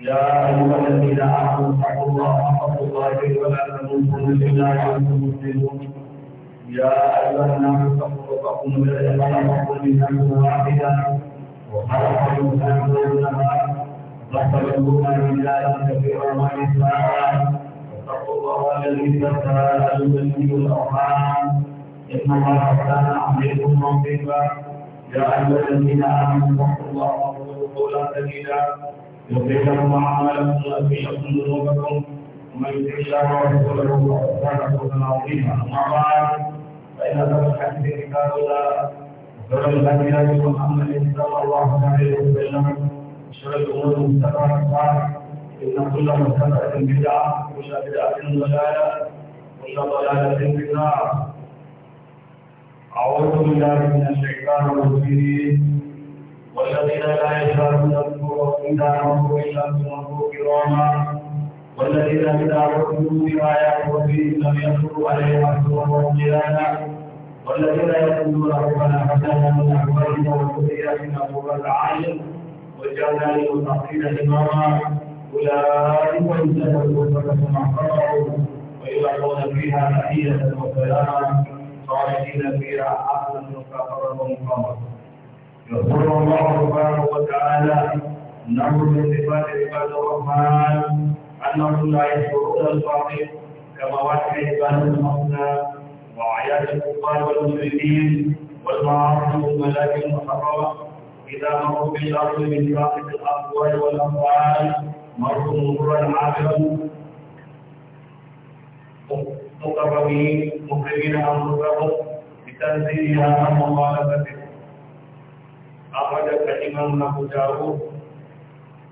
يا أيها الذين آمنوا اتقوا الله حق تقاته ولا تموتن إلا وأنتم مسلمون يا أيها الناس اتقوا ربكم الذي خلقكم من نفس واحدة وخلق منها زوجها وخلق منها رجالا كثيرا ونساء واتقوا الله الذي تساءلون به والأرحام إن الله كان عليكم رقيبا يا أيها الذين آمنوا اتقوا الله وقولوا قولا سديدا يغفر لكم اعمالكم ويغفر لكم ذنوبكم ومن يطع الله ورسوله فقد فاز فوزا عظيما اما بعد فان هذا الحديث كتاب الله وخير الهدي محمد صلى الله عليه وسلم وشر الامور محدثاتها ان كل محدثه بدعه وكل بدعه ضلاله وكل ضلاله في النار أعوذ بالله من الشيطان الرجيم والذين لا يشهدون والذين إذا رسلوا بآيات ربهم لم يخروا عليها سورة وقيانا والذين يقولون ربنا فتنا من أحوالنا وذرياتنا قرة للمتقين إماما أولئك الذين غفرت معصرهم ويلقون فيها تحية وسلاما خالدين فيها أحسن كفرهم قمر يقول الله سبحانه وتعالى إنه من صفات عباد الرحمن أنهم لا يشعرون الباطل كمواقع عباد الموتى وأعياد الكفار والمشركين والمعاصي والملائكه المحرمة إذا مروا بالأرض من باقي الأقوال والأموال مروا مرورا عابرا مقربين مقربين أنفسهم بتنزيهها عن مخالفته أخرج الإمام أبو داود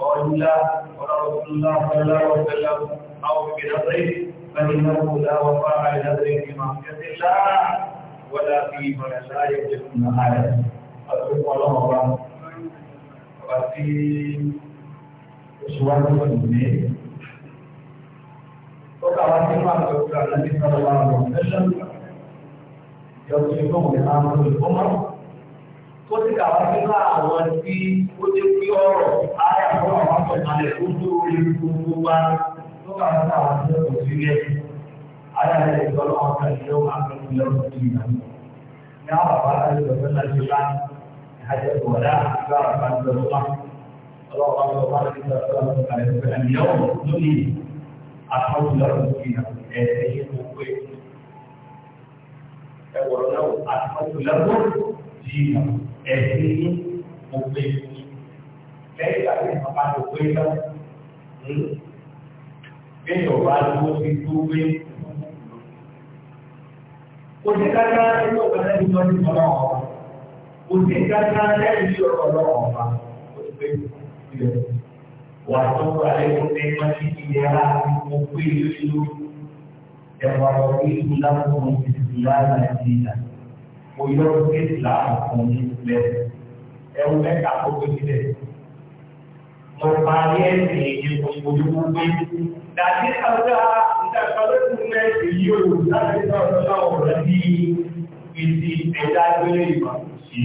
وقول الله ورسول الله صلى الله عليه وسلم أو بنظره فإنه لا وفاء لنظره في معصية الله ولا فيما لا يملكون أحدا أتوب الله الله وفي أسوان المسلمين وكما سمع النبي صلى الله عليه وسلم يوصيكم بأمر الأمر tó ti kàwá nínú àwọn tí ó ti ayé àwọn ọmọ ọmọ ìkàlẹ̀ tó tó orí gbogbo wa tó kà ní àwọn ọmọ ìkàlẹ̀ tó yẹ ayé àti ìtọ́lọ́ ọmọ ìkàlẹ̀ yóò máa ń lọ sí ìlú ní àwọn bàbá àti ìjọba náà ti bá ìhàjẹ ìwọ̀dà àti àwọn bàbá àti ìjọba ọlọ́wọ́ ọlọ́wọ́ àti ìjọba ìkàlẹ̀ tó yẹ ní ọ̀pọ̀ lórí àtọ́jú lọ́rùn sí ẹ̀ẹ́dẹ́gbẹ́ gbogbo ẹ̀wọ̀n náà àtọ́jú lọ́rùn sí ẹ̀ẹ́dẹ́gbẹ́ gbogbo lẹ́yìn ìgbà tí wọ́n bá tó gbé tán lẹ́yìn ọ̀bá tó fi tó gbé kò sí kájá nínú ọ̀gbẹ́lẹ́ ní ọdún ọlọ́run ọba kò sí kájá lẹ́yìn tí ọ̀rọ̀ ọlọ́run ọba kò sí pé ilẹ̀ wà tó wà lẹ́yìn tó ní wọ́n ti fi yẹra mo gbé lórí lórí ẹ̀wà ọ̀rọ̀ ìlú lápò ìdílé nàìjíríà mo yọ ọ́ sí ìlà ọ̀kan ní ìlẹ̀ ẹ̀wù mẹ́ta kó gbé sílẹ̀ ọ̀parí ẹ̀sìn èyí gbogbo gbogbo gbé. Dàbí ọjọ́ ìdàgbàlókùn mẹ́sì yóò láti sọ́ọ̀tọ́ ọ̀rọ̀ sí ìsì ẹ̀dá gbélé ìmọ̀ sí.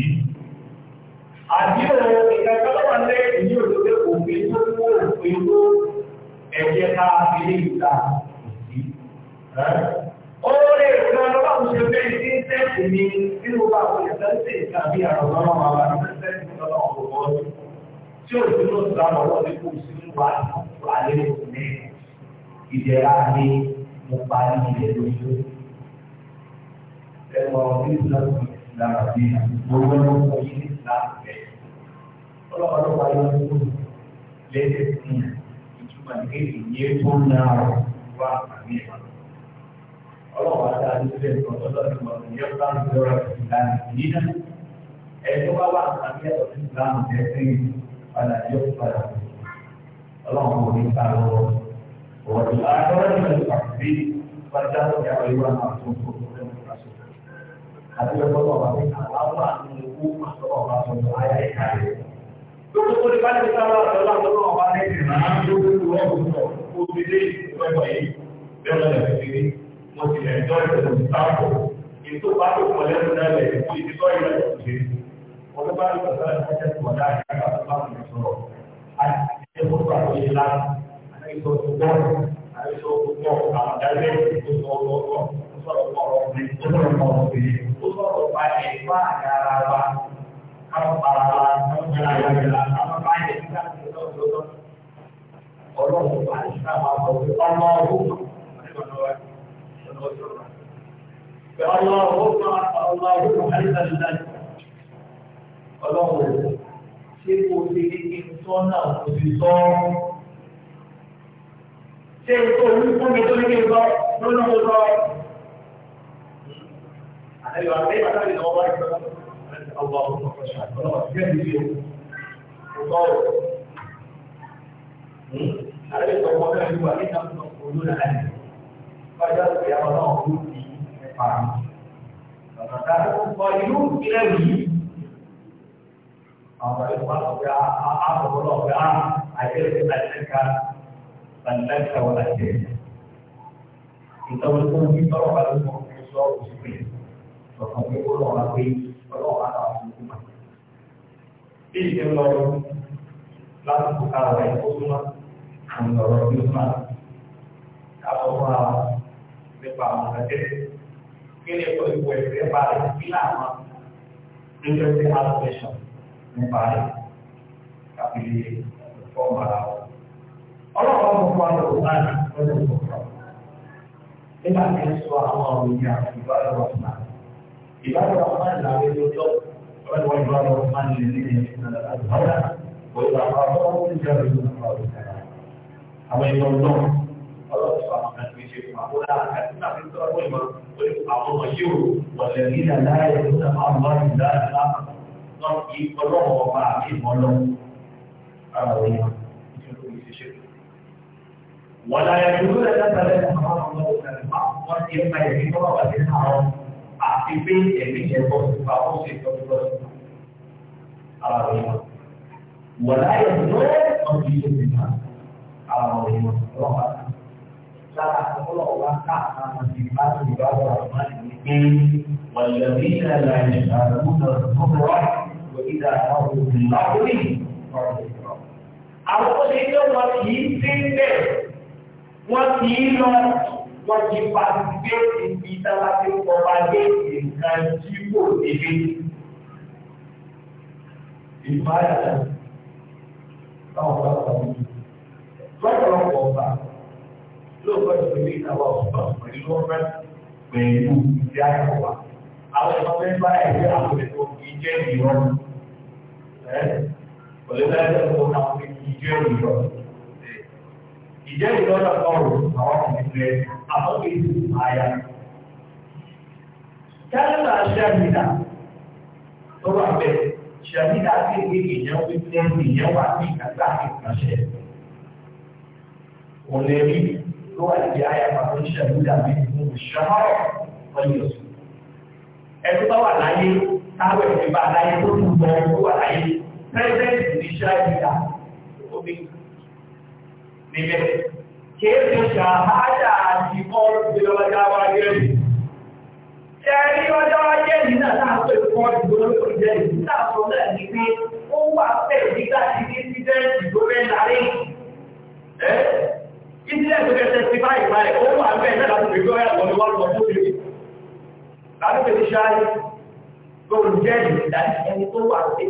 Àdíọ̀rọ̀ ìdàgbàlókùn mẹ́sì yóò lóde òfin tó kó òfin tó ẹ̀jẹ̀ ká ilé ìta sí. Ó lè kan lọ́wọ́ àwùjọ bẹ́ẹ̀ sí tẹ́sì tí ó ti lọ sí àwọn ọwọ́ nípò sínú wa alẹ́ òní ìdẹ̀ra ni mo pa ní ilẹ̀ lóṣù. Ẹ̀rọ Islam ìlànà bí mo wọ́n lọ fún yín ní Islam rẹ̀. Ọlọ́pàá ló wáyé lọ́wọ́ lẹ́sẹ̀ sí ìtumọ̀ ní ìyẹ́ tó náà wà àmì ìmọ̀. Ọlọ́pàá dá a lóṣù lẹ́sẹ̀ ọ̀dọ́dọ́ ìmọ̀ ìyẹ́ bá ń lọ́rọ̀ ìlànà ìdíná. Ẹ̀jọ̀ wá wà àmì padà yóò padà ọlọ́run kò ní ká lọ́wọ́ ọ̀rọ̀ àgbọ̀rọ̀ ní ìlú àbí wájà lórí àwọn ìwà náà tó ń kó lórí ọ̀rọ̀ àṣọ. àti ọgbọ́n náà wà ní àwọn àánú owó àtọ́wọ́ bá sọ ní ayé ẹ̀ka rẹ̀. lóko tó ní bá ní ká lọ́wọ́ àtọ́wọ́ àtọ́wọ́ náà wà ní ìrìnà lórí ọ̀rọ̀ kó ti dé ìpẹ́pẹ́ yìí bẹ́ẹ̀ lọ́dẹ̀ fi mo ti lẹ̀ jọ́ ìṣẹ̀lẹ̀ ìsáàpọ̀ ètò bá tó pọ̀ lẹ́nu náà lẹ̀ sọ̀rọ̀ àti ìṣòro àwọn ilé láti àti ìṣòro gbọ́rọ̀ àti ìṣòro gbọ́rọ̀ àwọn ìdájọ́ ìṣòro ọlọ́rọ̀ ó sọ̀rọ̀ ọ̀rọ̀ ọ̀gbìn ó sọ̀rọ̀ ọ̀rọ̀ ó sọ̀rọ̀ ọ̀pá ẹ̀fọ́ àgàrà wa káwọn para wa káwọn gbẹ̀rẹ̀ àwọn ìlà àwọn bá yẹ kí láti ìṣòro ọlọ́run àti ìṣàwọn ọ̀gbìn ọmọ ọ̀gbìn فالله هو الله هو حليف الله الله ṣé kò kí n tọ́ náà kò sì sọ ṣé o ní fún mi tó ní kí n sọ lónà mo sọ. àlejò àti bàtà mi náà wá ìgbà ọgbà ọgbà ọgbà jẹ́ mi yìí o kò sọ ọ́. àlejò sọ fún ọ̀rẹ́ mi wà nígbà tó ń kó lónà àlejò. bájá ló fi àwọn náà kú sí ẹ̀fà. bàtà tó àwọn ìwà ọ̀gá àkọ́kọ́ ọ̀gá àyẹ̀wò àyẹ̀ká àyẹ̀ká wọn àyẹ̀. Ìtọ́wé tó ń bí tọ́rọ̀ bá lóko ní sọ òṣìṣẹ́ ọ̀kan pé ó lọ́wọ́ pé ọlọ́wọ́ àtàwọn ọmọ ìgbà. Bí ìṣe ń lọ láti kó ká wà ìkó súnmọ́ àwọn ọ̀rọ̀ bí ó máa ká sọ fún wa nípa àwọn ọ̀gá kí ni ẹ̀kọ́ ìwọ̀ ẹ̀fẹ́ bá rẹ̀ sí láwọn nígbà tí a lọ fẹ́ sọ̀rọ̀ nípa rẹ̀ káfí fọ́ọ̀mù ara wọn. ọlọ́pàá mọ̀ fún àwọn òun náà lọ́dún tó kọ̀. nígbà tí ń sọ àwọn ọ̀rọ̀ ìyá ìbára ọ̀sán ìbára ọ̀sán làwọn ẹni tó ọlọ́dún wọn ìbára ọ̀sán lè ní ìlànà òyìnbó àwọn ọlọ́wọ́ ń jẹ́ ọ̀rọ̀ àwọn ẹni ọlọ́run ọlọ́run sọ àwọn kan tó ṣe fún àwọn àti náà fi fún àwọn ọmọ yìí ò wọ̀lẹ̀ nílẹ̀ láàyè wọn kì í ọlọ́wọ́ ọba àti ìmọ̀lọ́ ara wọn yẹn ní ọdún yìí ṣe. wọn la yẹ kí lóòrè látàlẹ́ àwọn ọmọ ọmọ ọmọ wọn ti ń pa ẹ̀mí tọ́wọ́ wà sí àwọn àti pé ẹ̀mí yẹn bọ́ sípa ó sì tọ́jú lọ sípa ara wọn yẹn. wọn la yẹ lóòrè ọdún yìí ṣe nípa ara wọn yẹn lọ́wọ́ lára ọlọ́wọ́ wa káàkiri àti ìbáṣepọ̀ àwọn àmàlẹ́ wípé wàlẹ́bí náà la yẹ kí lóòrè ìdá àwọn olùlàwọ́lì ọ̀rọ̀ ìrọ̀. Àwọn ọdẹ ilé wọn kì í sí ilé, wọn kì í lọ, wọn kì í pàṣípéètì bí táwa ti ń kọba dé nǹkan tí kò délé. Ìbáyà táwọn bá wà ní lọ́pọ̀lọpọ̀ ọba lóòótọ́ ìpínlẹ̀ ìdáwọ̀ ọ̀sùnbà pẹ̀lú ọ̀rẹ́ pẹ̀lú ìdí àyẹ̀wò Àwọn ìfọ̀fẹ́ ẹ̀rí àwọn ètò ìjẹ́ ìrọ̀rùn olùdarí ọkọ náà fi ìjẹ́ ìrọ̀ ìjẹ́ ìrọ̀ náà ọrùn àwọn ìgbẹ́ àwọn èdè àyà kálíbà ṣàmìnà tó wà bẹ́ẹ̀ ṣàmìnà kéèké ìyẹn wípé ìyẹn wà ní ìgbàgbà ìgbàṣẹ òlẹ́rí ló wà ní àyà máa ń ṣàmìnà bí mo ṣàmọ́rọ̀ wọ́n yóò sùn ẹ̀rú bá táwọn ẹ̀mí bá láyé tó tún bọ̀ ọ́ wà láyé pẹ́sẹ́ǹtì ní ṣáàbìdà omi níbẹ̀. kìí ṣe ṣàhádà àti ọ́ọ̀dù lọ́jọ́ wáyé rẹ̀. ṣe rí ọjọ́ wáyé yìí náà láàpẹ̀ ọ́ọ̀dù lọ́jọ́ jẹ́ ìlú náà sọ náà ní pé ó wà pẹ̀ nígbà tí ìsídẹ́ǹtì tó fẹ́ lárí. ìsídẹ́ǹtì tó fẹ́ ti báyìí báyìí ó wà bẹ́ẹ̀ náà láti tó ń jẹ́ ìrìnà ẹni tó wà sí.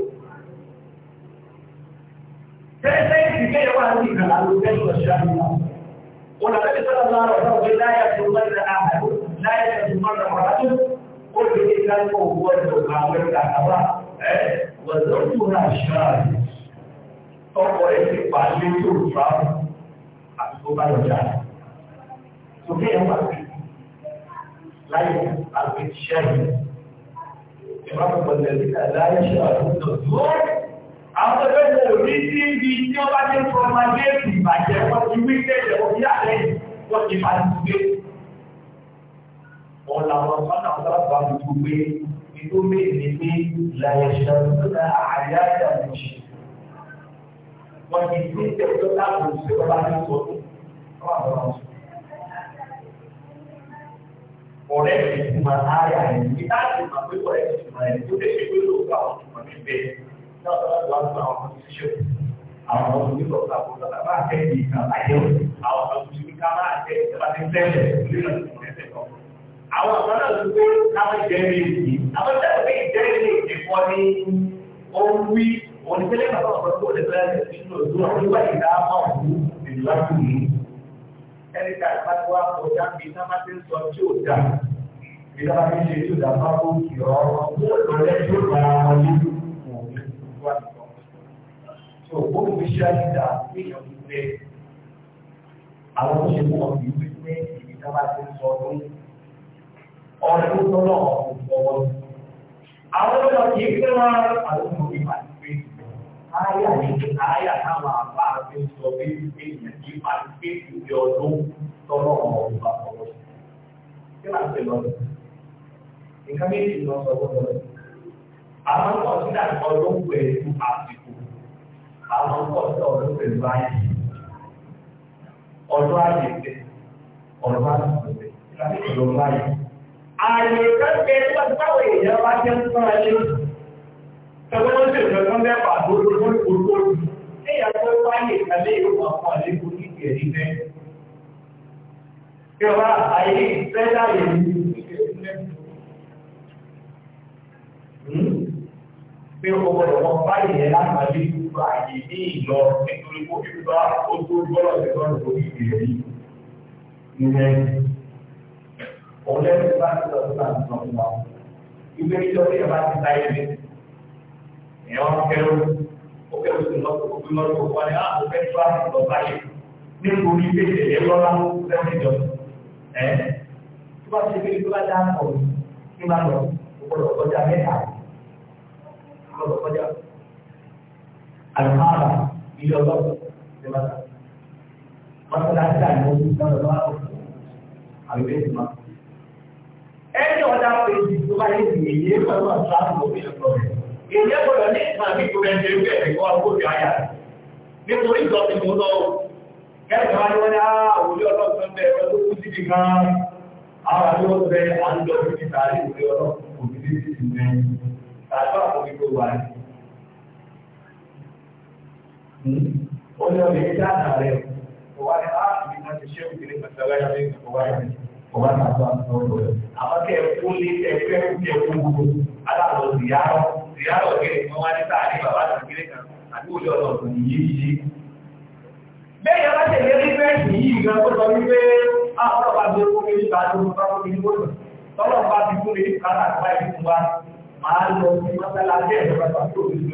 Tẹ́lẹ̀tẹ́ ìsìnkẹ́ wà ní ìkàlà ló jẹ́ ìrọ̀ṣẹ́ àmìyàn. Olàbẹ́bí sọ́lá lọ́rọ̀ náà wọ́n láyé tó mọ́ra àmàlú láyé tó mọ́ra ọ̀rá tó ó lè ní ìlànà owó ọ̀dọ̀ àwọn ẹ̀rọ àkàwà ẹ̀ wọ́n tó tó rà ṣáà Ọkọ̀ rẹ̀ ti pa lé tó rà àti tó bá lọ jà. Sókè ẹ̀ wà láyé àti ṣẹ́yìn. الشراب والذين لا يشربون الزور àwọn ẹgbẹ́ ìwò ní sí ibi tí wọ́n bá ní fọmọdéèkì ìbàjẹ́ wọ́n ti wí tẹ́lẹ̀ wọ́n ti yàtẹ̀ wọ́n ti máa ti gbé wọn làwọn sọ́nà ọ̀sọ́lọ́pàá ti tún gbé ìlú méjì pé ìlàyẹ̀ ṣàlùmọ́nà àyà ìdàmùsì wọ́n ti gbé tẹ̀síọ́ láàbò ìṣèjọba ní sọ́dún wọ́n àwọn ọ̀sọ́ ọ̀rẹ́ ìtumọ̀ ayà ẹ̀yìn nígbà tí mà pé ọ̀rẹ́ ìtumọ̀ ẹ̀yìn tó lè ṣe pé lóòótọ́ àwọn ìtumọ̀ mi bẹ náà lọ́wọ́ tó wá fún àwọn kọ́ńtíṣọ̀ àwọn ọmọ onígbọ̀ sàkó lọ́la máa fẹ́ di ìkan àyẹ̀wò àwọn ọmọ onígbọ̀ ká máa jẹ́ ìjọba tí ń tẹ́lẹ̀ nínú ìtumọ̀ ẹ̀sẹ̀ kan. àwọn ọmọ náà ló gbé láwọn ìjẹ́rìí èyí àwọn ìjẹ́rìí pé ìjẹ́rìí ẹ̀kọ́ ni ó ń wí onígbẹ́lẹ́ ẹni tá a bá tó wá kọjá bí sábà ti ń sọ tí ò dà bí sábà ti ń ṣe tí ò dà bá kó kì ọ́ lọ́lẹ́ tí ó bá wọn ní òun wà nìkan. tó o kò fi ṣe àyíká èèyàn ti àwọn ṣe fún ọ kì í fi pé ìbí ti ń sọ ọdún ọdún tó lọ́wọ́ ọ̀pọ̀ wọn. àwọn tó lọ kì í àwọn tó lọ kì Áyà ní áyà táwọn àbá àti sọ bí èèyàn kì í máa ké ìdí ọdún tọ́lọ̀ ọmọ ọba ọ̀rọ̀. Kí máa pè lọ́dọ̀? Nǹkan méjì lọ sọ fún ọdún. Àwọn ọkọ̀ sí àgbọ̀ ló ń pè é àsìkò. Àwọn ọkọ̀ sí ọdún pẹ̀lú ayé. Ọdún ayé tẹ̀. Ọdún ayé tẹ̀. Ìlànà ìlú ayé. Àyè kan kẹ́ tí èèyàn bá jẹ́ fún ayé. Ẹgbẹ́ wọ́n ṣe ìfẹ́ fún mẹ́fà lórí olóòrùn. Ní ìyàtọ̀ wáyé ìkàlẹ́ ìlú àwọn àlékún ní ìgbẹ̀rí mẹ́. Ìjọba àyè ìfẹ́ láyé ní ìgbẹ̀rí mẹ́. Pé ọmọ ọmọ báyìí ẹ̀ lágbàdé gbogbo àyè ní ìlọ nítorí kó fi bá ó tó gbọ́dọ̀ sí lọ́nà tó fi ìgbẹ̀rí. Ìyẹn ọ̀lẹ́sìn bá ti sọ̀tún àti sọ̀tún wa. Ìgbẹ́jọ́ tí ẹ bá ti ta ẹgbẹ́ èèyàn wọn kẹrù ó kẹrù sí lọ́pọ̀ òbí lọ́pọ̀ wọn ni àwọn òfẹ́ tó àti lọ báyìí nítorí pé èyẹ lọ́la fẹ́ẹ́ jọ ẹ́ tó bá ṣe pé tó bá dá ọ̀ ní máa lọ ọ̀pọ̀lọpọ̀ kọjá mẹ́ta ọ̀pọ̀lọpọ̀ kọjá àlùmáàlà ilé ọlọ́pọ̀ ṣe máa ta mọ́tàláṣí àìmọ́ ojú náà lọ́wọ́ àbíké ti máa. ẹni ọ̀dà pèsè tó bá yẹ kì í yé pẹ̀lú àtúrà àbúrò mi lọ́wọ́ ìyẹn gbọ́dọ̀ ní ìgbà ní ìgbà lọ kẹ́kọ̀ọ́ wá ní wọ́n ní ah, tó kú sí ti ara tààrí kò ti tààrí àkókò wà ní. Hmm? ó ní ọmọ ìyáwó kéré kan wá ní sáàrí bàbá àti kéré kan àti òjò ọ̀tọ̀ yìí yìí. bẹ́ẹ̀ yẹn bá tẹ̀lé rí fẹ́ẹ̀sì yìí gan tó sọ wípé àwọn ọba tó kó kéré bá tó bá kó kéré gbọ́dọ̀ tọ́lọ̀ bá ti kúrè kára àgbá ìlú wa máa lọ sí mọ́sálásí ẹ̀dọ́gbà tó ti tó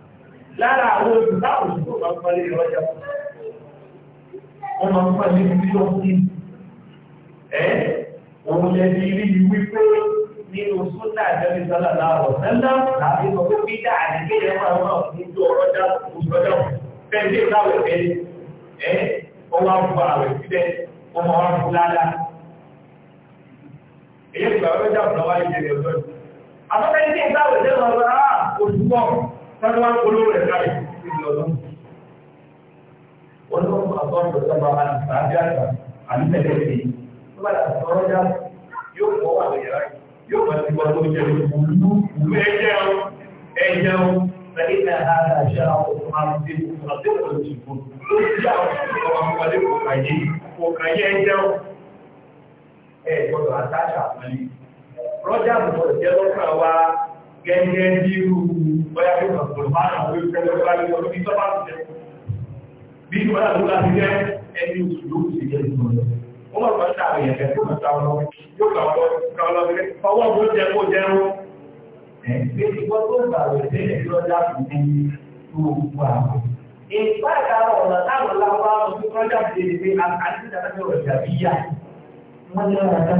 lára àwọn olùdáwò tó máa ń parí ìrọ́jà wọ́n máa ń parí bílíọ̀nù ẹ̀ òun lẹ́bi rí i wípé nínú sódà àjẹmí sọ́lá láàrọ̀ sẹ́lá láti sọ pé bídà àdìgbé yẹn máa máa fún ju ọ̀rọ̀jà òṣùrọ̀jà fẹ́ẹ́ dé láwẹ̀ bẹ́ẹ̀ ẹ̀ wọ́n wá fún àwẹ̀ síbẹ̀ wọ́n máa wá fún lálá. èyí ìgbà wọ́n jáwọ́ lọ́wọ́ ayé ìjẹ̀lẹ̀ ọ̀dọ́ sáwọn akóló rẹ̀ káyì níbi ọdún. wọ́n lọ fún àtọ́ ìjọba àti àgbà àti tẹ̀lé mi tó bá dà sọ̀rọ̀ já yóò fọ́ wà lóye rẹ̀ yóò bá ti wá tó jẹ́ olú olú ẹ̀jẹ̀ o ẹ̀jẹ̀ o lẹ́yìn náà á ta ṣe àwọn ọmọ àti àdéhùn ìdìbò tó ti wa gẹ́gẹ́ bí irú bọ́yá tó kàn pọ̀ máa àwọn olùkẹ́lẹ́ ọ̀rọ̀ láti ọdún tó bá ti jẹ́. Bí ìwọ́n àti ọ̀la ti jẹ́ ẹni oṣù ló ti jẹ́ ìgbọ̀n lọ. Ó wà pẹ̀lú àwọn ẹ̀fẹ́ tó kàn táwọn lọ, yóò kà wọ́n kà wọ́n lọ sí ọwọ́ bó jẹ kó jẹ́ rú. Ẹ̀ gbé ìwọ́n tó gbà rẹ̀ dé ìlọ́jà fún mi tó gbà rẹ̀. Ìpáàkà ọ̀nà táwọn lábá ọdún kọjá ti di pé àti ìdájọ́ ọ̀jà bíyà wọ́n ní ọ̀rọ̀ ẹ̀dá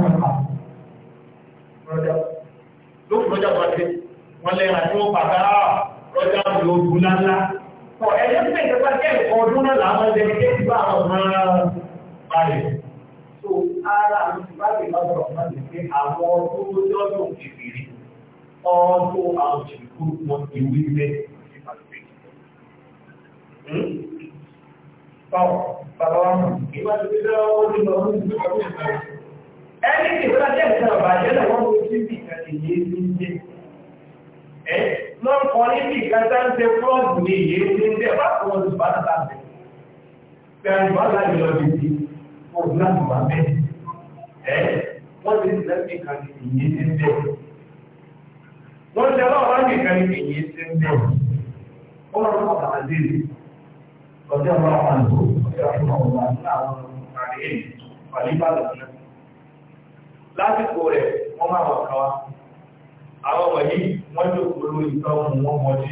mọ̀ wọ́n lẹ́yìn àti ó pàtà ọjọ́ àwọn ogun lánlá. Ọ̀ ẹ̀yẹ́ pé ìjọba jẹ́ nǹkan ọdún náà làwọn ẹgbẹ́ ní kéèkì bá àwọn ọmọ balẹ̀. So ara àwọn ìbáṣe bá sọ̀rọ̀ máa lè pé àwọn ọdún tó jọ́ tó kékeré ọdún àwọn òṣèlú wọn ìwé ilé hmm? Ẹni tí ìwé lájẹ́ ìṣẹ́ ọ̀bàjẹ́ náà wọ́n mú sí ìkàtì yìí ní jẹ́ wọ́n kọ́ ní bí ìkàtà ń tẹ fúlọ́ọ̀dù ní iye ní ilé ẹ̀bá tó wọ́n ti bá tàbí àbẹ̀. Bí a ìbá láti lọ bí ti wọ́n ti láti bá bẹ́ẹ̀. Ẹ wọ́n ti ti lẹ́sìn kan ní iye ti ń bẹ̀. Wọ́n ti rẹ̀ wọ́n máa wọ̀ káwá àwọn wọ̀nyí wọ́n tó kúrò ìtọ́mù wọn mọ́dí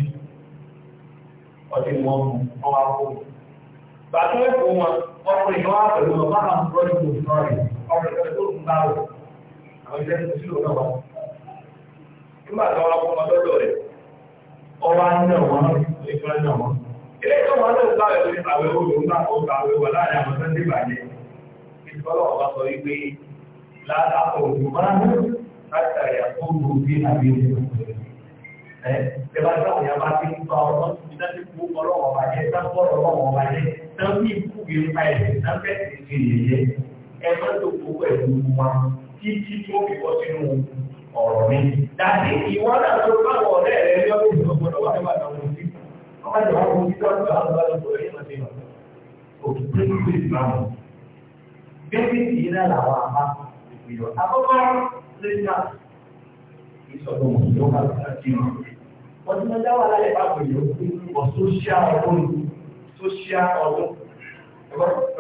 ọdí wọn mú wọn wá kó bàtú ẹ̀kọ́ wọn ọkùnrin wọn wá pẹ̀lú wọn bá àwọn ọ̀rọ̀ ìlú sọ́ọ̀rì ọkùnrin tó ń bá wọn àwọn ilé ẹ̀kọ́ sílò náà wọn. nígbà tó wọn kọ́ ọdọ́dọ̀ rẹ̀ ọwọ́ aná wọn ìfẹ́ náà wọn. ilé tó wọn lè gbà wẹ̀ lórí àwẹ̀ olù ńgbà àwẹ̀ wà láàrin àwọn sẹ́ńdé láti àyà tó ń lò bí àbí ojú ẹ bá dáhùn yà bá ti ń pa ọ̀rọ̀ tó ti dájú kú ọlọ́wọ́ ọba jẹ sáfọ́rọ̀ ọlọ́wọ́ ọba jẹ sáfì ìkúbi nípa ẹ̀sìn sáfẹ́ ìṣe yẹyẹ ẹ má tó ọ̀rọ̀ mi. dàbí ìwọ́n náà tó ọ̀rẹ́ rẹ ní ọdún tó gbọdọ̀ wà nígbà tó ń sí. wọ́n bá jọ wọn kó títí wọn gbà wọn lọ sọ èyí wọn ti lọ. òtún pé kí wọ́n ti máa mọ̀. bẹ́ẹ̀ léyà ìsọ̀rọ̀ mọ̀tò bá ti mọ̀. wọ́n ti máa dáwà láyé pàpọ̀ yóò fi ọ̀ sóṣíà ọdún sóṣíà ọdún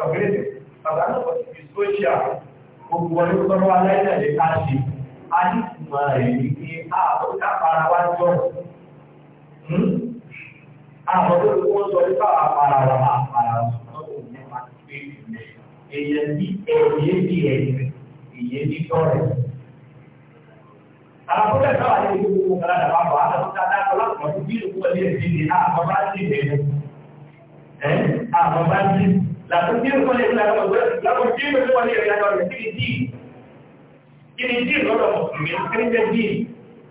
ọ̀gbẹ́rẹ́ bàbá náà kọ̀ sí sóṣíà gbogbo wọn ló tọrọ aláìsàn lè ká ṣe a ní ìtumọ̀ rẹ̀ ní pé àbọ̀ kápára wá jọ àwọn tó ló wọ́n sọ nípa àpàrà wà àpàrà ọ̀sán èèyàn ní ẹ̀yẹ́ bí ẹ̀yẹ́ èèyàn ní tọ́rẹ̀ Alhamdulillah kalau ada ibu ibu kalau ada apa ada kita ada di ibu dia ah bapak di sini. Eh, ah bapak di. Lalu dia kalau dia kalau gue lalu dia kalau dia kalau dia sini di. Ini di kalau mungkin dia di.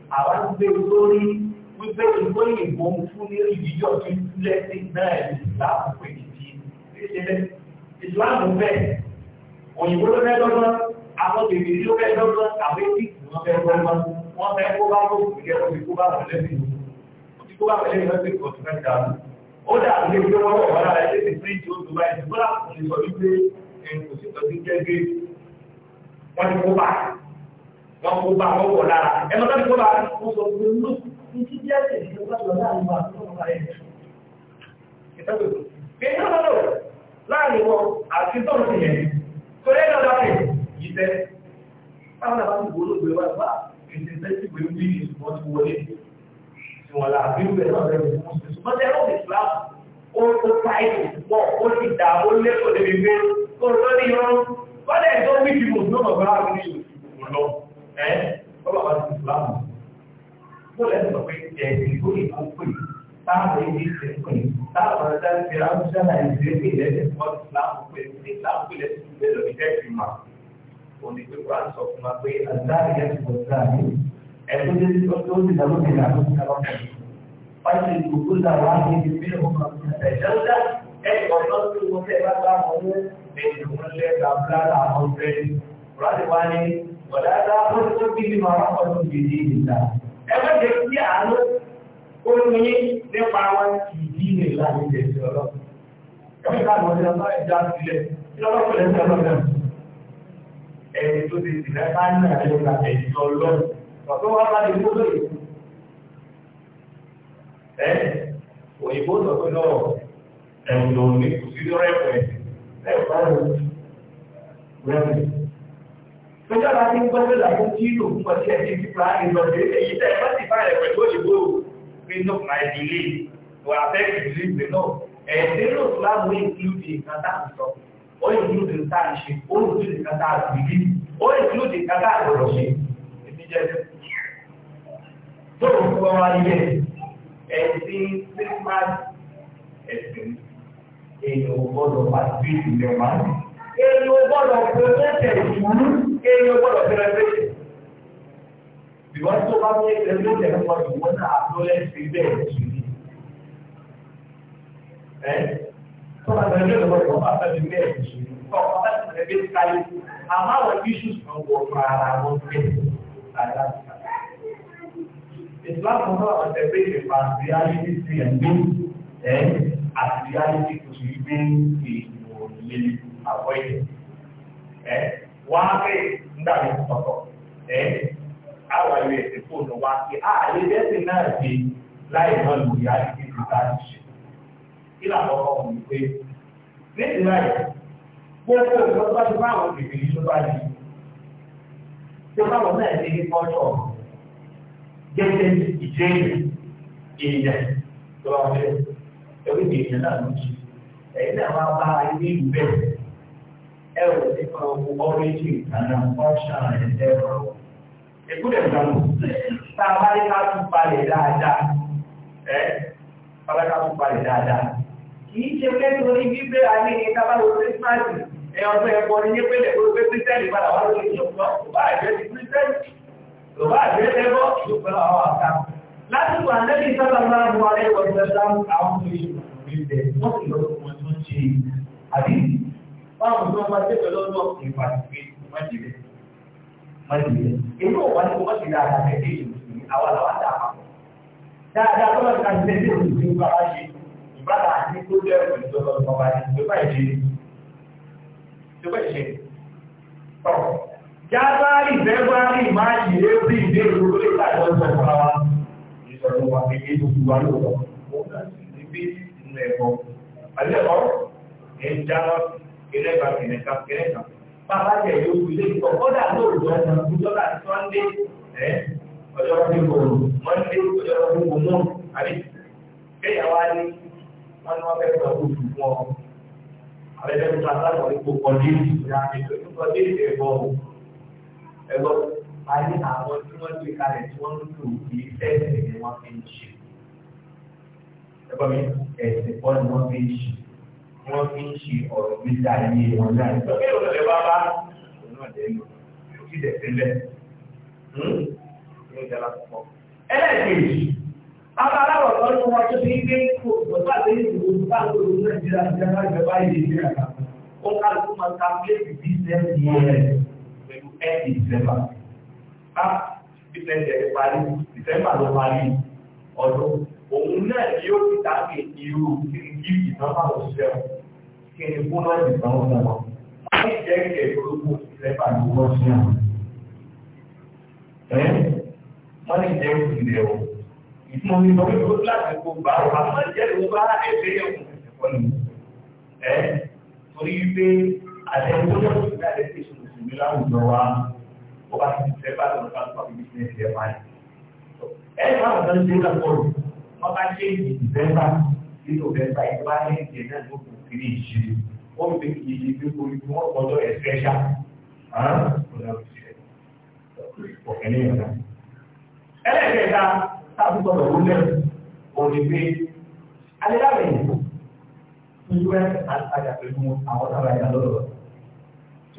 Awak berdoa wípé ìwé ìbò ń fún ní ìdíjọ́ tí lẹ́sìn náà ìsìláàmù pè ní ti ṣíṣe ìsìláàmù bẹ́ẹ̀ òyìnbó ló fẹ́ lọ́gbọ́n àwọn bèbè ló fẹ́ lọ́gbọ́n àwọn wọ́n fẹ́ kó bá lóògùn jẹ́ wọ́n ti kó bá wọlé bí wọ́n ti kó bá wọlé bí wọ́n ti kọ̀ tó fẹ́ dà nù. ó dà bí ebi wọn wọ̀ wọ́n lára ilé ti fíríjì ó tó báyìí bó láàpù ti sọ wípé kò sí tọ́jú jẹ́ gbé wọ́n ti kó bá wọ́n bí wọ́n ti wọlé tí wọ́n là bí bẹ̀rẹ̀ wọ́n bẹ̀rẹ̀ fún mùsùlùmí ṣùgbọ́n tẹ́ ó ìsìlá ó ó pa ètò pọ̀ ó sì dà ó lẹ́kọ̀ọ́ débi pé kó o lórí irun kọ́lẹ̀ tó wí ti mùsùlùmí ọ̀gbọ́n láti ní ìlú lọ ẹ́ ọba wa ti ìsìlá mọ̀ kó lẹ́nu sọ pé ẹ̀ẹ́dì ó lè kó pè táàbù ẹ̀dì ṣe pè táàbù ẹ̀dá ṣe ráúṣà nàìjíríà lẹ́sẹ̀ fún ìsìláàmù pé ìsìláàmù lẹ́sẹ̀ fún ìbẹ̀rẹ̀ ìjẹ́ ìmọ̀ òní pé wọ́n á sọ fún wa pé àdáyé ti wọ̀ ẹ̀sùn tó ti dàgbọ́ ti dàgbọ́ ti dàgbọ́ kẹ́lú. Fáṣí ìgbòkú làwọn àti ibi bí ọmọ ẹ̀jẹ̀ ń dá ẹ̀kọ́ náà tó wọ́n fẹ́ bá bá wọn mú ètò wọn lẹ́ gbàgbá làwọn fẹ́. Rọ́ọ̀dì wá ní ọ̀dà dá wọ́n tó bí bí máa wọ́n tó bí di ìlà. Ẹ má jẹ́ kí àánú ó ní nípa wọn kì í dí ní ìlànà ìjẹ̀sìn ọlọ́run. Ẹ̀mí ká àwọn ọ̀dọ́ ẹ̀dá sílẹ̀ kí ọlọ́pàá ẹ̀dá ọlọ́run. Ẹ̀yìn tó ti sì Bàbá wa bá lè gbọ́dọ̀ yìí. Ẹ òyìnbó sọ pé lọ́wọ́ ẹ̀wùn lòun ní kò sí lọ́rọ̀ ẹ̀kọ́ ẹ̀. Ẹ bá lè rẹ́mi. Sọ́jà bá ti ń gbọ́dọ̀ làbó tí ìlò fún ọtí ẹ̀ ti fipá ìlọ̀dé èyí tẹ̀ bá ti fáyẹ̀ pẹ̀lú òyìnbó pé no my delay wà fẹ́ kìlì ìgbé náà. Ẹ̀sìn lò láàmú ìlúdi nǹkan táà sọ. Ó ìlúdi nǹkan táà ṣe, ó ìlúdi nǹkan táà bìlí, ó ìlúdi nǹkan táà gbọ̀dọ̀ ṣe. Èmi tó ń gbọ́ wá ilẹ̀ é christmas ẹ̀sìn èèyàn ò gbọ́dọ̀ pàṣẹ ìlẹ̀ wá èèyàn ò gbọ́dọ̀ pẹ̀lẹ́tẹ̀ ìṣúrú èèyàn ò gbọ́dọ̀ do ìwọ́n tó bá fẹ́ pẹ̀lẹ́tẹ̀ fún ọdún wọn náà àtúnlẹ̀ sí bẹ́ẹ̀ jù ní. ẹ tó bá fẹ́ pẹ̀lẹ́tẹ̀ fún ọdún wọn àtúnlẹ̀ sí bẹ́ẹ̀ jù ní. ọkọ̀ ọ̀sán ti rẹ̀ bí káyé àmọ́ àwọn iṣu kan wọ̀ fún ara wọn bẹ́ẹ̀ ìsìláàmù náà ọ̀tẹ̀ pé ìpa reality ti ẹ̀mí ẹ̀ àti reality tó ti gbé ìwò lè àwọ̀ ẹ̀ ẹ̀ wá pé ńdàbí tọ̀tọ̀ ẹ̀ àwọn ìwé ẹ̀sìn fóònù wá sí ààyè dẹ́sìn náà di láì náà lò reality ti bá ti ṣe kí làkọ́kọ́ wù pé nídìí láì gbogbo ìgbọ́dọ̀ bá ti àwọn bèbè yìí ló bá yìí tó gẹ́gẹ́ bí ìdíyẹ èèyàn tó wà bẹ́ẹ̀ ẹ̀wé èèyàn náà ló ṣe ẹ̀yìn náà máa bá ilé ìlú bẹ́ẹ̀ ẹ ò ní kọ́ ọ́rẹ́jì ìtànà ọ̀ṣàn ẹ̀dẹ́rọ̀ ìkúlẹ̀ ìdánwò tá a bá rí ká tún palẹ̀ dáadáa ẹ̀ bá ká tún palẹ̀ dáadáa kì í ṣe kẹ́kọ̀ọ́ ní gbígbé ayé ní kábàlù kírísímàsì ẹ̀yọ̀dún ẹ̀kọ́ ní yẹ́pẹ̀lẹ̀ gbogbo kírísítẹ́nì padà wá lórí ìjọba ọ̀bá ìjẹ́ ti Bàbá àgbẹ̀rẹ̀ bọ́ ṣùgbọ́n àwọn àká. Lásìkò àlẹ́bí sábà máa ń wọlé ìwọ̀sẹ̀dá àwọn tó yẹ ìbẹ̀ wọ́n sì lọ́wọ́ wọn tó ń ṣe àbí. Báwo ni wọ́n máa tẹ̀lé lọ́dọ̀ ìpàdé mọ́jìlẹ̀? Mọ́jìlẹ̀. Èmi ò wá ní mọ́jìlẹ̀ àtàkẹ́ dé ìmùsùlùmí àwọn àwọn àdá àpapọ̀. Dáadáa tó bá ti ka ṣe bí òṣèlú bá wá ṣe ìbára àti tó lẹ́rù ìjọba ọba ìjọba ìṣe. Ìjọba ìṣe. Tọ́wọ̀ jábárì fẹ́bárì máa yìí ó sì dé ìlú lè pàdé ọjọ́ fúnra wa ìṣòro wa kékeré tó fi wá lóòótọ́ ó gbà sí ibi inú ẹ̀kọ́ àlẹ́kọ́ ẹ̀ ń jábọ́ kẹlẹ́gbà kẹlẹ́gbà kẹlẹ́gbà bàbá jẹ̀ yóò fi lé ìkọ̀ kọ́dà lóòótọ́ ọ̀sán ọjọ́ bá sọ́ndé ẹ̀ ọjọ́ tó ń bọ̀ mọ́ndé ọjọ́ tó ń bọ̀ mọ́ àbí kéyàwó á ní wọ́n ní wọ́n fẹ́ sọ oṣù fún ọ àbẹ́fẹ́ tó ta sáà ẹgbọ́n a ní àwọn tí wọ́n gbé kalẹ̀ tí wọ́n ń lò kì í ẹ̀sìn ni wọ́n fi ń ṣe ẹgbọ́n mi ẹ̀sìn kọ́ ni wọ́n fi ń ṣe wọ́n fi ń ṣe ọ̀rọ̀ gbígbé ayé wọn náà ìgbà kí ló lè bá bá òun náà lè lò ó sì dẹ̀ sílẹ̀ ní ìjọba tó pọ̀. ẹlẹ́ẹ̀kejì abaláwọ̀ kan ní wọn tó fi gbé kó bàbá àti ìlú báńkì òun nàìjíríà end December bá business ẹ̀ parí December ló parí ọdún òun náà ni yóò ti dáàbò irú kí ni kí ìtàn bá wọn ṣiṣẹ́ wọn kí ni fún náà ìtàn wọn náà wọn. wọ́n ti jẹ́ kí ẹ̀kọ́ lóko December ló wọ́n ṣe àwọn. wọ́n ti jẹ́ kí ìlẹ̀ wọn. ìtumọ̀ mi lọ wípé ó láti gbogbo àwọn àmọ́ ìjẹ́rìí wọn bá ẹgbẹ́ yẹn kò tẹ̀sẹ̀ torí wípé àtẹ̀wọ́n náà ti gbà lẹ́sẹ̀ mùsùlùmí láwùjọ wa ó bá ti fẹ́ bá lọ bá lọ bí ṣe ń wáyé. ẹ bá wọn lọ sí ìlànà pọ̀lù wọn bá ṣe ìdìbẹ́mbà sí nọ́vẹ́mbà yìí bá ní ìdè náà ló kù kiri ìṣirò ó ń gbé kiri ìṣirò pé orí wọn kọjọ ẹ̀ fẹ́ṣà ẹlẹ́kẹ̀ẹ́ta tábùkọ̀ lọ́wọ́ lẹ́nu òní pé alẹ́ láàrin ìlú ẹ̀ àti àjà pẹ̀lú àwọn tábàjà lọ́dọ̀ọ́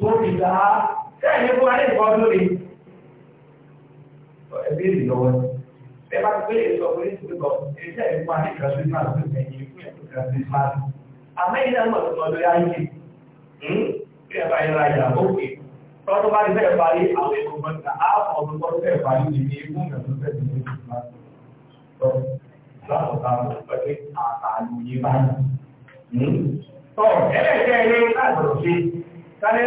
tó fi dá sẹ́yìn ní fúnra ní nǹkan tó le. ẹbí èdè lọ́wọ́ ẹ bá ti pé èso fún èso lọ èso ẹ̀ fún àdéhùn christmas tó sẹ́yìn fún èso christmas. àmọ́ ìdí náà mọ̀ tó lọ lórí ayé kí hmm? ẹ bá yẹn ra ìyá òkè tọ́jú bá ti bẹ́ẹ̀ parí àwọn èèyàn gbọ́n ta á ọdún tó bẹ́ẹ̀ parí ìdí fún ìrìnàjò bẹ́ẹ̀ tó lè fún wa. láwùjọ àwọn pẹ̀lú àtàlù yìí bá yà. tọ́ ẹ̀rẹ̀ kẹ́ ẹ ní láti rọ̀ sí sáré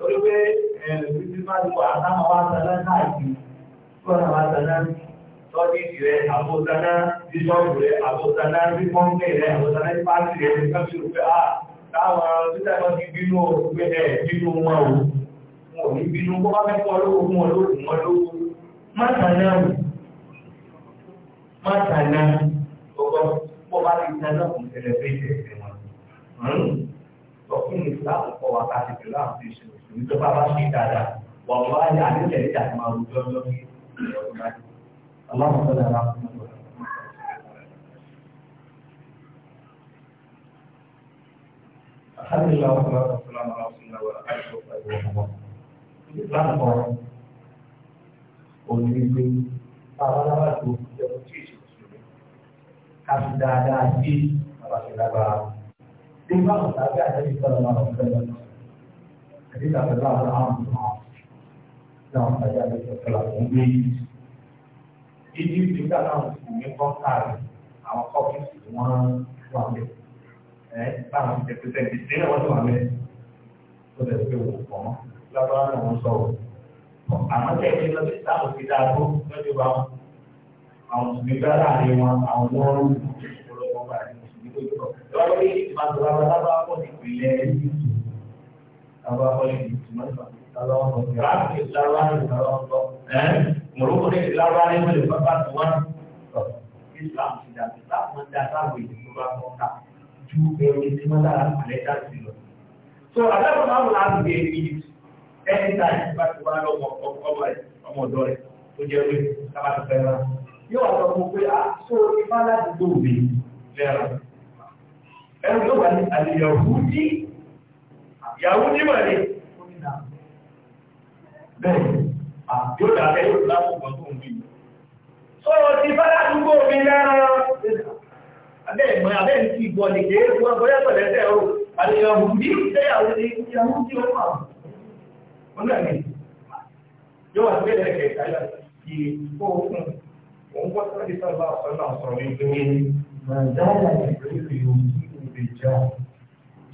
orí pé títí máa ti wà náà wá sáná káàkiri tó náà wá sáná lọ́díìsì rẹ̀ àbótaná bíṣọ́ọ̀bù rẹ̀ àbótaná bípọ́ńpé rẹ̀ àbótaná pàṣẹ rẹ̀ ní káfíń rò pé à ah, táwọn títà kan ti bínú òkú pé ẹ̀ bínú wọn o wọn ò ní bínú kó bá fẹ́ kọ́ lówó fún wọn lóògùn wọn lówó má tàná o má tàná ọgbọ́n bó bá ti tàná kò tẹ̀lé wa ká ti pẹ̀lú àwọn tí ìṣòro ní tó bá bá ṣe dáadáa wà wá ní àdéhùn ìjà tó máa rújọ́ lọ́wọ́ Allahumma salli ala Muhammad. Alhamdulillah wassalatu wassalamu ala rasulillah wa ala alihi wa sahbihi wa sallam. Láti kọ́ òní pé bàbá lábàá tó jẹ́ kó tí ìṣòro sílẹ̀. Ká fi dáadáa sí bàbá ṣe lágbára. Bí báwọn tàbí àtẹ́jú sọ̀rọ̀ máa ń fẹ́ lọ́nà. 肯定打得到的啊，让大家都得到同归。一句评价让里面光看，然后靠近什么方面？哎，当然也是对，谁让我去玩的？或者是我房，要不然我收。àwọn tẹ̀lé lọ sí ìsàmù ti dáa tó lọ́jọ́ bá wọn àwọn mùsùlùmí bá láàrin wọn àwọn wọn olùkọ́ bá ní mùsùlùmí tó yọ. lọ́wọ́ bí ìgbà tó bá wọn lábá pọ̀ ní ìpínlẹ̀ Morocco ní lára ní wọ́n lè bábá tó wọ́n Islam ti dà sí láwọn dáadáwò ìdíkọ́ bá tó ká ju ẹni tí wọ́n lára àlẹ́dá sí lọ. So àdáwọ̀ máa wù láti gbé Egypt ẹni tá ìgbà tí wọ́n lọ ọmọ rẹ̀ ọmọ ọ̀dọ́ rẹ̀ tó jẹ́ pé kábà tó fẹ́ rán. Yóò wá sọ fún pé a so ifá láti gbòòbí lẹ́ràn. Ẹnu yóò wá ní àlèyàn fún ìyàwó nímọ̀ ni bẹ́ẹ̀ yóò dà bẹ́ẹ̀ yóò lápò kan tó ń bí sọ̀rọ̀ ti fádà dúgbò mi lára abẹ́ẹ̀mọ́ abẹ́ẹ̀ ti gbọ́ ní kéé wọ́n bọ́yá pẹ̀lẹ́ tẹ́ o àlèyàn òun bí ìgbéyàwó ní ìyàwó tí ó wà wọ́n náà ní yóò wà sí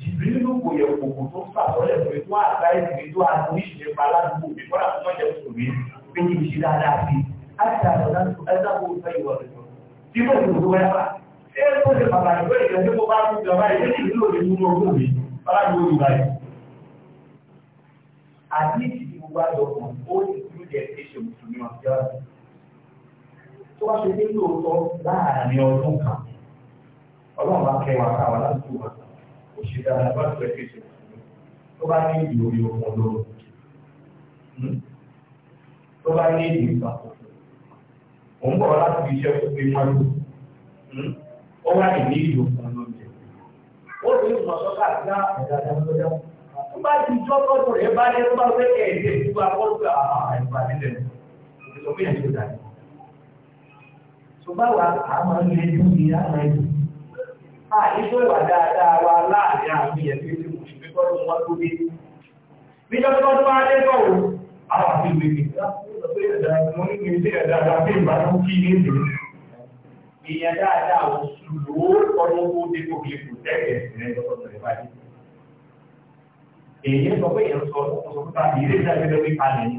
ìbínú kò yẹ kòkò tó sàtọ́lẹ̀ pé tó àgbá ìgbé tó àgbó ìṣẹ̀lẹ̀ pa aládùúgbò mi kọ́ra tó mọ̀jẹ̀ sòrí pé kí n ṣe dáadáa sí i láti àná láti ẹ̀dáwó fẹ́ ìwà rẹ̀ tí kò tó tó wáyà bá ṣé kó ṣe pàtàkì pé ìjọ tí mo bá ń jọba ìwé ní ìlú òde nínú owó mi bára ní olùgbà yìí. àti ìdí mo bá jọ kàn ó ti dúró jẹ kí ṣe mùsùlùmí ọjọ́ tó wá ṣe dé lóòótọ́ láàárín ọdún kan ọlọ́run bá kẹwàá káwa láti wà ṣe dáadáa bá tẹ̀lé kéṣe tó bá ní ìdí orí ọkọ̀ lọ́rọ̀ hmm, tó bá ní ìdí ìgbà ò ń bọ̀ láti fi iṣẹ́ fún mi wáyé hmm, ó wá ní ìdí ìdí ọkọ̀ lọ́rọ̀ ó sì ń sọ sọ́kà sí àgbàdá lọ́dọ̀ tó bá ti jọ́ tọ́tọ̀ rẹ̀ bá dé tó bá fẹ́ kẹ̀ ẹ̀dẹ́ tó bá kọ́ sí àgbà nílẹ̀ ìṣòfin ẹ̀ṣọ́ dàní. ṣùgbọ́n wa àmọ́ ilé ẹjọ́ ni àmọ́ ẹjọ́ àìsó ìwà dáadáa wa láàrin àwọn èèyàn tí ó ti mọ̀ ṣùgbẹ́ kọ́ lóun wá tó dé. Níjọ́ tí wọ́n bá dé bọ̀ wò, àwọn àti ìwé mi mo ní ilé ẹ̀dá àgbàgbé ìbámu kí ní èdè. Ìyẹn dáadáa ò sùn lówó ọdún ó dé kò lè kò tẹ́lẹ̀ ìrìn lọ́sọ̀tọ̀ ìbájú. Èyí sọ pé èèyàn sọ ọkọ̀ sọ fún tàbí ilé ìdájọ́ lórí palẹ̀ ni.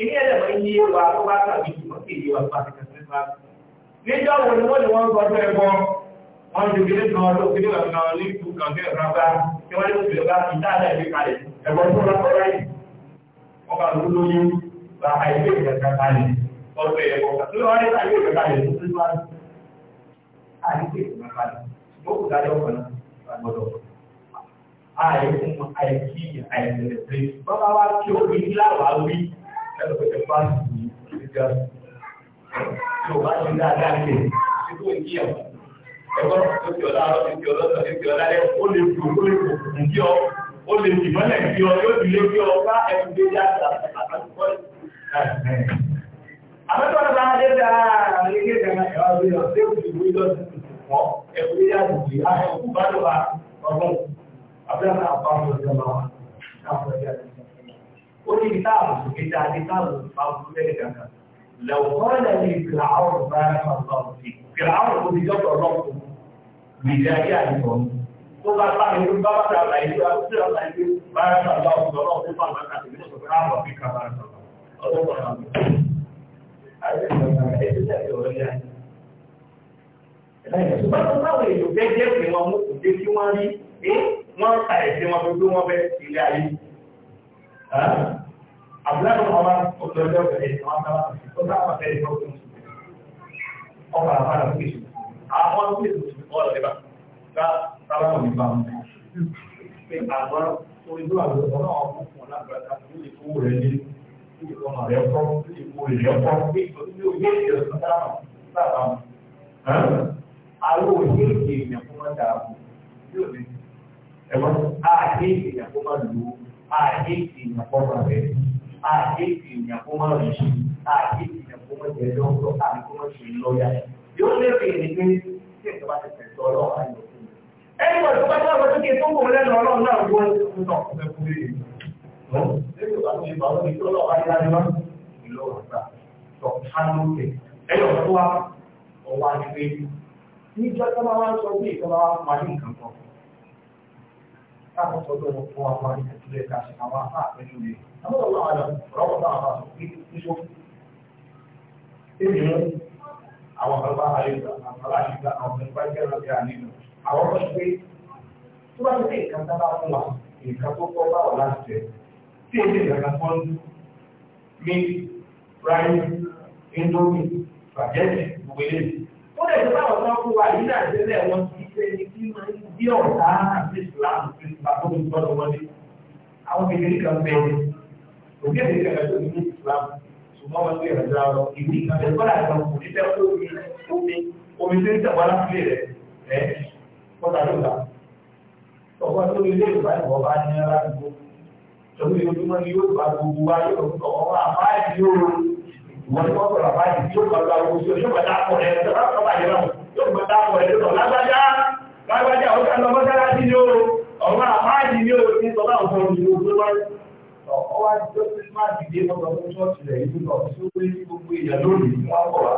Ilé ẹ̀dẹ̀mọ̀ iye wa tó bá tàbí ìmọ̀ kéde wa tó bá ti kẹsẹ̀ nípa. Níjọ́ wo ni wọ́n ní wọ́n wọ́n ti gbélé kan ọdún òkèlè ọ̀gbìn ọ̀rọ̀ ní ìlú kan kí ẹ̀rọ bá kí wọ́n lè gbélé bá ìdá àdá ìgbé kalẹ̀ ẹ̀gbọ́n tó lọ́kọ́ láì wọ́n bá lóun lóyún bá àìgbé ìgbẹ̀ka kalẹ̀ ọ̀pẹ̀ ẹ̀kọ́ tó lọ́wọ́ ní àìgbé ìgbẹ̀ka kalẹ̀ tó tó wá àìgbé ìgbẹ̀ka kalẹ̀ ó kù dájọ́ kan náà gbọ́dọ̀ àìkún àìkí àìsẹ̀lẹ̀sẹ̀ bọ́bá wá kí ó ọgbọ́n tó ti ọ̀la àrọ́ ti ti ọ̀la ọ̀la ti ti ọ̀la rẹ̀ ó lè fi ó lè fi òkùnkùn kí ọ ó lè fi mọ́lẹ̀ kí ọ yóò fi lé kí ọ bá ẹ̀kú gbé já àtàkùn ọ̀la dé dáa ní kí ẹ̀ka ẹ̀ka ọ̀la ṣé o ti wí lọ́sí ọ̀ ẹ̀kú gbé já ti di ẹ̀kú bá lọ́wọ́ ọgbọ́n abẹ́rẹ́ náà bá wọn lọ́wọ́ káwọn ọ̀la ó ní ibi táwọn òṣèké dá ní táwọn òṣèké lẹ́yìn kankan lẹ́wọ̀n kọ́lẹ̀ ní fìlà áwọ̀ bá ń sọ̀rọ̀ sí fìlà áwọ̀ kò ti jọ́ gbèsè ayé àìsàn tó bá bá mi bá bá ta àlàyé tó àti tó àlàyé tó bá yà tó àlọ́ ọ̀dọ́ náà tó bá bá ta àlàyé tó bá bá fi kà bá ta ọ̀dọ́ kan náà. Ṣùgbọ́n tó báwo èèyàn bẹ́ẹ̀ jẹ́ pé wọn mú òde kí wọ́n rí pé wọ́n ta ẹ̀sẹ̀ wọn tó gbé wọn bẹ́ ilé ayé. Àbúrò àwọn ọmọ ọ̀dọ́ ọjọ́ bẹ̀rẹ̀ ìṣẹ̀wọ̀n sábà tó sábà bẹ̀rẹ̀ ìṣẹ̀wọ̀n tó ń sùn. Ọkọ̀ àbára àwọn tí èdè ọ̀rọ̀ lẹ́bà sábàbọ̀ nípa wọn pé àwọn orílú àwọn ọ̀nà ọkùnkùn lágbàtà ní ìkó rẹ̀ ní ìkọ̀nà rẹ̀ pọ̀ ní ìkó rẹ̀ pọ̀ pé ìtọ́jú ní òye ìrẹ̀ sábàbọ̀ sábàbọ̀ àwọn òye ìdè èèyàn kó má dáa bò yóò ní ẹ̀wọ́n àdé èèyàn kó má lò ó àdé èèyàn kó má rẹ̀ àdé èèyàn kó má rẹ̀ ṣe àdé èèyàn kó má jẹ́ lọ́wọ́ àdé kó má ṣe lọ́yà yóò lérè ní pé tí ìjọba ti tẹ̀sọ̀ ọlọ́run àyè òkú. ẹni wọ̀n tó bá tó àwọn tókè tó wọlé lọ ọlọ́run náà wọ ìlú náà fún ẹkú rí i. lẹ́yìn ìgbà tó yẹ bàbá mi tó lọ́ọ̀ wáyé láti wá ìlú ọ̀gbà tó kánókè ẹ̀yọ̀ tó wá ọwọ́ àdìgbé níjọ́ tó máa wá sọ bí ìjọba wá fún wa ní nǹkan kan káàkó sọ pé wọ́n fún wa wá ní ìtúlẹ̀ ká ṣe àwọn afá àpẹjù rẹ̀ àwọn ọ̀la àlọ́ ọ̀rọ̀ ọ̀la àbàtọ̀ kí ní sọ àwọn bàbá àyíká àwọn bàbá àyíká àwọn bàbá ìjẹ́ra bí àníkà àwọn bá ṣe tó bá ṣe nǹkan tá bá fún wa nǹkan tó kọ́ bá wà láti jẹ tí èdè ìgbàgbà kan ń mí ráyé indomie spaghetti gbogbo eléyìí ó lè tó báwọn tó kú wa yìí náà tẹ́lẹ̀ wọn kì í ṣe ẹni tí máa ń bí ọ̀tá àti islam ti gbà tó ń gbọ́dọ̀ wọlé àwọn kékeré kan bẹ̀rẹ̀ òbí ẹ̀dẹ̀ islam ṣùgbọ́n wọn gbé ìrìnàjò lọ ìwé ìkàlẹ̀ kọ́lá ìgbà kò ní bẹ́ẹ̀ omi omi omi tó ń tẹ̀wọ́ aláfilé rẹ̀ ẹ̀ kọ́lá ló gbà. ọkọ tó ilé ìgbà ìwọ bá ní ara gbogbo tọ́lú ìjọba ni yóò gba gbogbo wa yóò kọ́ ọ̀rọ̀ àbáyé yóò wọ́n ní wọ́n sọ̀rọ̀ àbáyé yóò gba gbogbo yóò gba dáàpọ̀ rẹ̀ yóò gba dáàpọ̀ rẹ̀ lọ́dọ̀ lágbájá lọ ọ wá jọ pé má dìde lọ́dọ̀ fún ṣọ́ọ̀ṣì rẹ̀ yìí lọ sí ó lé gbogbo èèyàn lónìí wá bọ̀ wá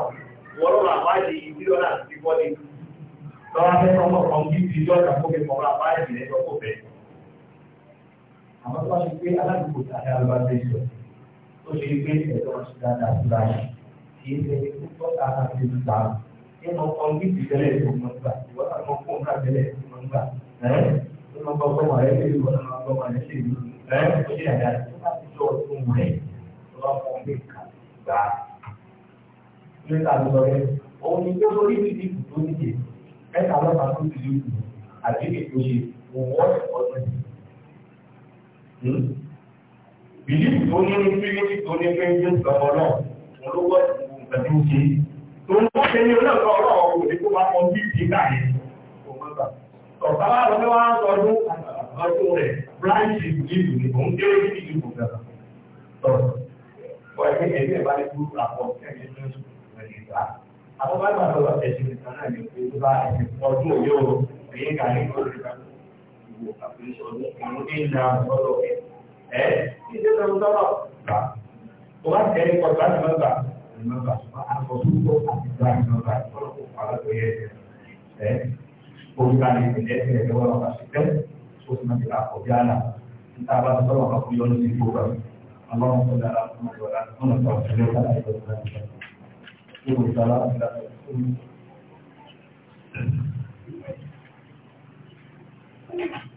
wọ́n lọ́wọ́ àwáyé ìbílọ̀ náà ti bọ́ ni lọ́wọ́ fẹ́ ọmọ kan bí ti lọ́dà fún mi kọ̀ọ̀rọ̀ àwáyé ìrẹ́ lọ́kọ̀ bẹ́ẹ̀. àmọ́ tó bá ṣe pé aládùúgbò tàbí alùpàdé sọ tó ṣe pé ẹ̀tọ́ ti dáadáa fúra yìí kì í ṣe púpọ̀ tààtà ti ń ta ẹ̀ mọ kan bí ti tẹ́lẹ̀ tó mọ̀ gbà ìwọ́n àmọ́ fún lẹ́yìn tó ṣe ẹ̀dá tó bá ti jọ ọdún rẹ̀ lọ́pọ̀ lè kà gbà. Lẹ́tà ló lọ rẹ̀, òun ni pé orí ti kù tó níye, mẹ́ta lọ́pàá tó ti lè kù, àti ètò ṣe òun ọ̀rẹ́ ọdún. Bìlíìfù tó ní ní bílíìfù tó ní pé ń jẹ́ náà, òun ló wọ́ ìgbà tí ó Tòun tó ṣe ní olóòtú ọ̀rọ̀ òun branches yìí ni òun dé orí ìlú kò gbàgbà sọ̀rọ̀ wọ́n ẹgbẹ́ ẹgbẹ́ bá ní kú àpọ̀ ẹgbẹ́ tó ń sọ̀rọ̀ ẹgbẹ́ gbà àwọn bá gbàgbọ́ ẹ̀sìn nìkan náà ní pé bá ẹ̀sìn ọdún òye o èyí kà ní kó ṣe ìwò àpèjọ ọdún ní ìlà ọ̀dọ́ ẹ̀ ẹ́ ìdí ìlú sọ́rọ̀ gbà tó bá tẹ̀lé kọjá ní mẹ́ta ní mẹ́ta àpò tó àti gbà ní mẹ́ta ìfọ́nà kó ó sì máa ti ká àkọ́bí àlà níta bá ti sọ̀rọ̀ kan fún yọ lóṣù tó rà ọlọ́run tó dára fún ọjọ́ ọ̀la tó náà sọ̀rọ̀ sílẹ̀ ká Thank you.